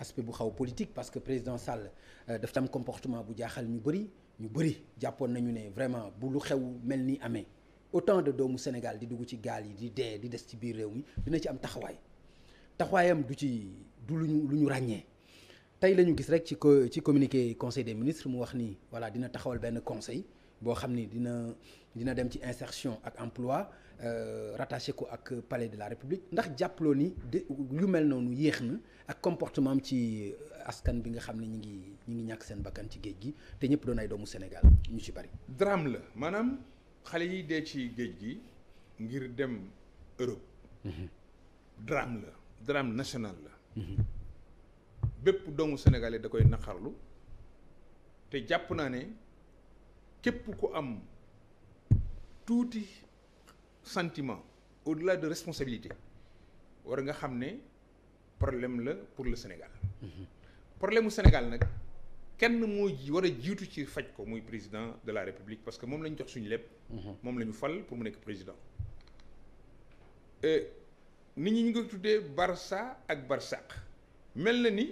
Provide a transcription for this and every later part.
aspect bu xaw politique parce que président Sall euh, daf tam comportement bu jaaxal ñu bëri ñu bëri jàppoon nañu ne vraiment bu lu xew mel ni amee autant de doomu Sénégal di dugg ci gaal yi di dee di des ci biir réew mi dina ci am taxawaay taxawaayam du ci du lu ñu lu ñu ràññee tey lañu gis rek ci ci communiqué conseil des ministres mu wax ni voilà dina taxawal benn conseil boo xam ni dina dina dem ci insertion ak emploi euh, rattaché ko ak palais de la république ndax jàppaloo ni de yu mel noonu yéex na ak comportement am ci askan bi nga xam ne ñi ngi ñi ngi ñàkk seen bakkan ci géej gi te ñëpp doon ay doomu Sénégal ñu ci bari. drame la maanaam xale yi dee ci géej gi ngir dem Europe. Mhm. drame la drame national la. Mhm. bépp doomu sénégalais da koy naqarlu te jàpp naa ne képp ku am. tuuti sentiment au-delà de responsabilité war nga xam ne problème la pour le Sénégal problème mu Sénégal nag kenn moo ji war a jiitu ci faj ko mooy président de la République parce que moom lañu jox suñu lépp moom la ñu fal pour mu nekk président euh, nit ñi ñu ngi tuddee Barça ak Barsaq mel na ni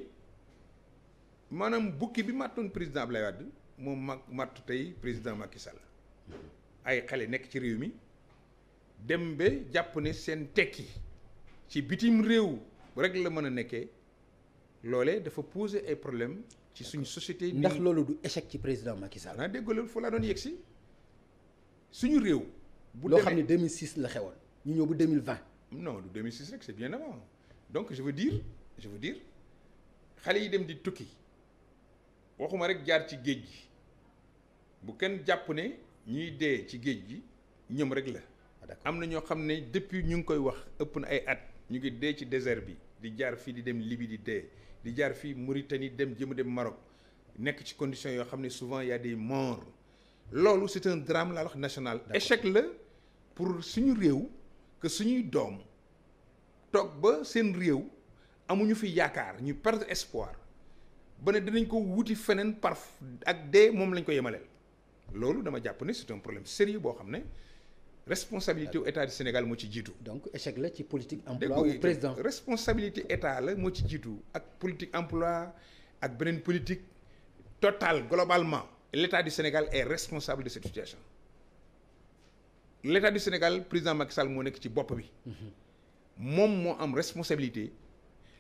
maanaam bukki bi màttoon président Ablaye Wade moom mag màtt tey président Macky Sall ay xale nekk ci réew mi dem ba jàpp ne seen tekki ci bitim réew rek la mën a nekkee loolee dafa poser ay problème ci suñu société. ndax loolu du échec ci président Macky Sall. ah dégg foo laa doon yegg si suñu réew. bu loo xam ne 2006 la xewoon ñu ñëw bu 2020. non du 2006 rek c'est bien avant donc je veux dire je veux dire xale yi dem di tukki waxuma rek jaar ci géej gi bu kenn jàpp ne. ñiy dee ci géej gi ñoom rek la. Ah, am na ñoo xam ne depuis ñu ngi koy wax ëpp na ay at ñu ngi dee ci désert bi di jaar fii di dem Libye di dee di jaar fii Mauritanie dem jëm dem Maroc nekk ci conditions yoo xam ne souvent y a des morts loolu c'est un drame laa wax national. échec la pour suñu réew que suñuy doom toog ba seen réew amuñu fi yaakaar ñu perdre espoir ba ne dinañ ko wuti feneen par ak dee moom lañ ko yemaleel. loolu dama jàpp ne c'est un problème sérieux boo xam ne responsabilité wu état du Sénégal moo ci jiitu. donc échec la ci politique emploi wu président responsabilité état la moo ci jiitu ak politique emploi ak beneen politique total globalement l'état du Sénégal est responsable de cette situation l'état du Sénégal président Macky Sall moo nekk ci bopp bi. moom moo am responsabilité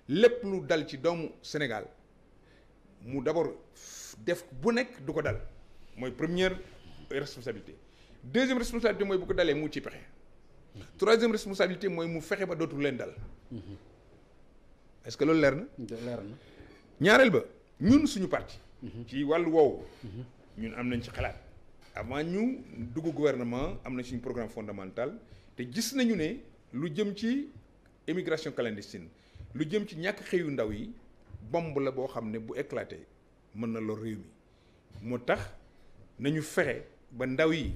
lépp lu dal ci doomu Sénégal mu d'abord def bu nekk du ko dal. mooy première responsabilité deuxième responsabilité mooy bu ko dalee mu ci pexe troisième responsabilité mooy mu fexe ba dootu leen dal mhm. est que loolu leer na leer na ñaareel ba ñun suñu parti mhm. ci wàll woowu mhm. ñun am nañ ci xalaat avant ñu dugg gouvernement am na suñu programme fondamental te gis nañu ne lu jëm ci immigration clandestine lu jëm ci ñàkk xëyu ndaw yi bomb la boo xam ne bu éclaté mën na lor réew mi moo tax nañu fexe ba ndaw yi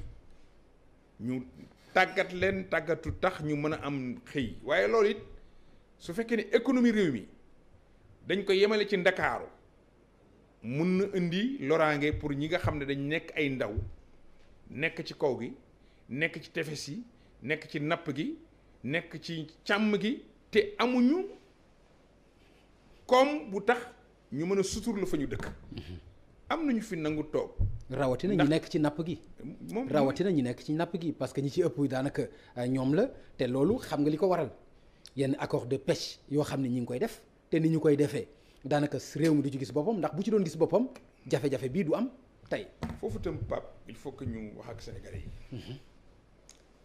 ñu tàggat leen tàggatu tax ñu mën a am xëy waaye loolu it su fekkee ne économie réew mi dañ ko yemale ci ndakaaru mun na indi loraange pour ñi nga xam ne dañ nekk ay ndaw nekk ci kaw gi nekk ci tefes yi nekk ci napp gi nekk ci càmm gi te amuñu koom bu tax ñu mën a sutur la fa ñu dëkk mm-hmm. am nañu fi nangu toog. rawatina ñi nekk ci napp gi. moom rawatina ñi nekk ci napp gi parce que ñi ci ëpp daanaka euh, ñoom la te loolu xam nga li ko waral yenn accord de pêche yoo xam ne ñi ngi koy def te ni ñu koy defee daanaka réew mi du ci gis boppam ndax bu ci doon gis boppam jafe-jafe bii du am tey. foofu itam Pape il faut que ñu wax ak Sénégalais yi. Mhm.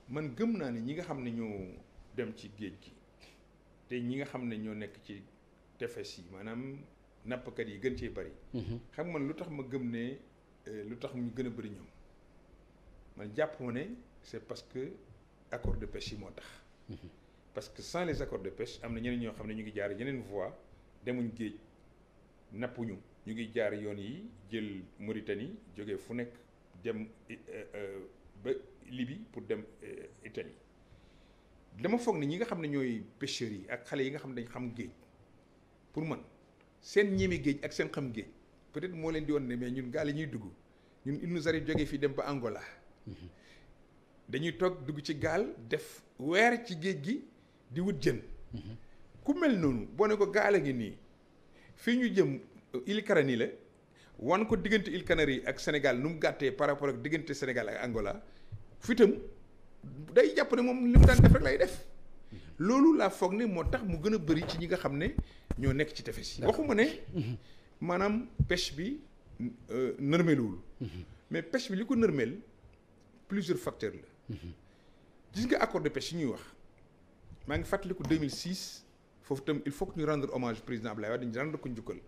man gëm naa ne ñi nga xam ne ñoo dem ci géej gi te ñi nga xam ne ñoo nekk ci tefes yi maanaam. nappkat yi gën cee bari. Mhm. xam man lu tax ma gëm ne euh, lu tax ñu gën a bari ñoom man jàpp ma ne c'est parce que accord de pêche yi moo tax. Mhm. parce que sans les accords de pêche am na ñeneen ñoo xam ne ñu ngi jaar yeneen voie demuñ géej nappuñu ñu ngi jaar yoon yi jël Mauritanie jógee fu nekk dem euh, euh, ba Libye pour dem Italie dama foog ne ñi nga xam ne ñooy pêcheurs yi ak xale yi nga xam ne dañ xam géej pour man. seen ñimi géej ak seen xam géej peut-être moo leen di woon ne mais ñun gaal yi ñuy dugg ñun il nous arrive fii dem ba Angola mm-hmm. dañuy toog dugg ci gaal def weer ci géej gi di wut jën mm-hmm. ku mel noonu boo ko gaal a ngi nii fii ñu jëm euh, île Canaries la wan ko diggante île Canaries ak senegal nu mu gàttee par rapport ak diggante Sénégal ak Angola fitam day jàpp ne moom li mu daan def rek lay def loolu laa foog ne moo tax mu gën a bëri ci ñi nga xam ne ñoo nekk ci tefes yi waxuma ne maanaam pêche bi euh, nërmeluwul mhm. mais pêche bi li ko nërmeel plusieurs facteurs la mhm. gis nga accord de pêche yi ñuy wax maa ngi fàttaliku 2006 foofu tam il faut que ñu rendre hommage président Abdoulaye Wade dañu rendre ko njukkal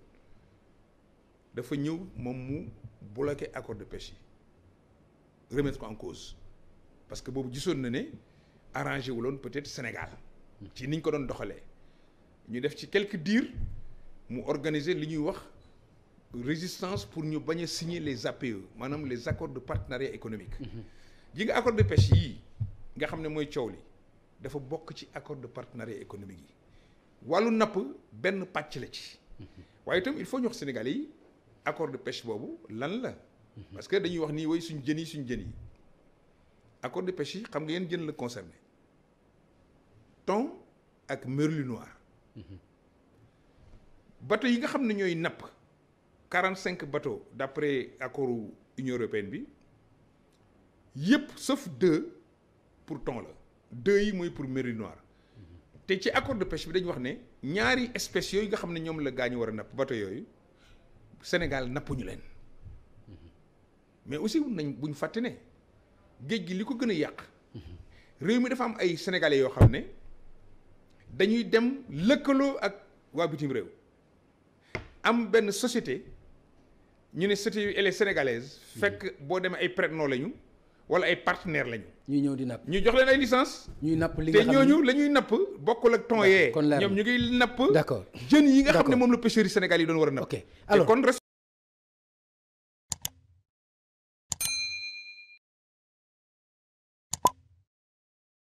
dafa ñëw moom mu bloqué accord de pêche yi remettre ko cause parce que boobu jisoon na ne arrangé wuloon peut-être Sénégal ci niñ ko doon doxalee ñu def ci quelque diir mu organiser li ñuy wax résistance pour ñu bañ a signer les APE maanaam les accords de partenariat économique ji mm-hmm. nga de pêche yii nga xam ne mooy coow li dafa bokk ci accord de partenariat économique yi wàllu napp benn pàcc la ci mm-hmm. waaye itam il faut ñu wax Sénégalais yi accord de pêche boobu lan la mm-hmm. parce que dañuy wax nii woy suñ jën yi suñ jën yi accord de pêche yi xam nga yeen jën la concerné ton ak merlu noir bateau yi nga xam ne ñooy napp quarante cinq bateaux d'après accordu Union européenne bi yëpp sauf deux pour ton la deux yi mooy pour merlu noir te ci accord de pêche bi dañu wax ne ñaari espèces yooyu nga xam ne ñoom la gaa ñu war a napp bato yooyu Sénégal nappuñu leen mais aussi nañ buñ fàtte ne géej gi li ko gën a yàq réew mi dafa am ay sénégalais yoo xam ne dañuy dem lëkkaloo ak waa bitim réew am benn société ñu ne société elle est sénégalaise fekk boo demee ay prête-nom lañu wala ay partenaire lañu. ñuy ñëw di napp ñu jox leen ay licence ñuy napp li nga xam ne te ñooñu la ñuy napp bokkul ak temps yee. ñoom ñu ngi napp. d'accord jën yi nga xam ne moom la pêcheurs yi Sénégal yi doon war a napp. ok alors kon